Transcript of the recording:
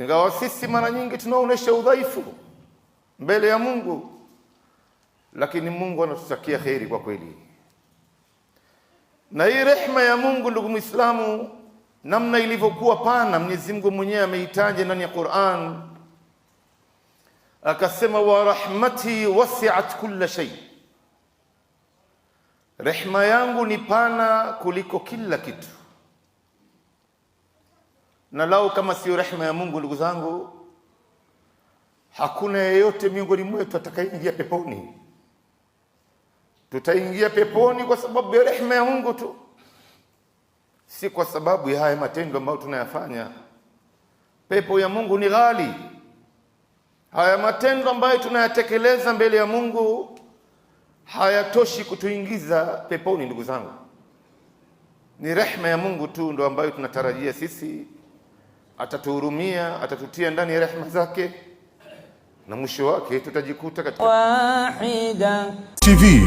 Ingawa sisi mara nyingi tunaonesha udhaifu mbele ya Mungu, lakini Mungu anatutakia kheri kwa kweli. Na hii rehma ya Mungu, ndugu Muislamu, namna ilivyokuwa pana, Mwenyezi Mungu mwenyewe ameitaja ndani ya Qur'an, akasema wa rahmati wasi'at kulla shay, rehma yangu ni pana kuliko kila kitu na lau kama sio rehema ya Mungu, ndugu zangu, hakuna yeyote miongoni mwetu atakayeingia peponi. Tutaingia peponi kwa sababu ya rehema ya Mungu tu, si kwa sababu ya haya matendo ambayo tunayafanya. Pepo ya Mungu ni ghali. Haya matendo ambayo tunayatekeleza mbele ya Mungu hayatoshi kutuingiza peponi, ndugu zangu. Ni rehema ya Mungu tu ndo ambayo tunatarajia sisi atatuhurumia, atatutia ndani ya rehema zake na mwisho wake tutajikuta katika Wahida TV.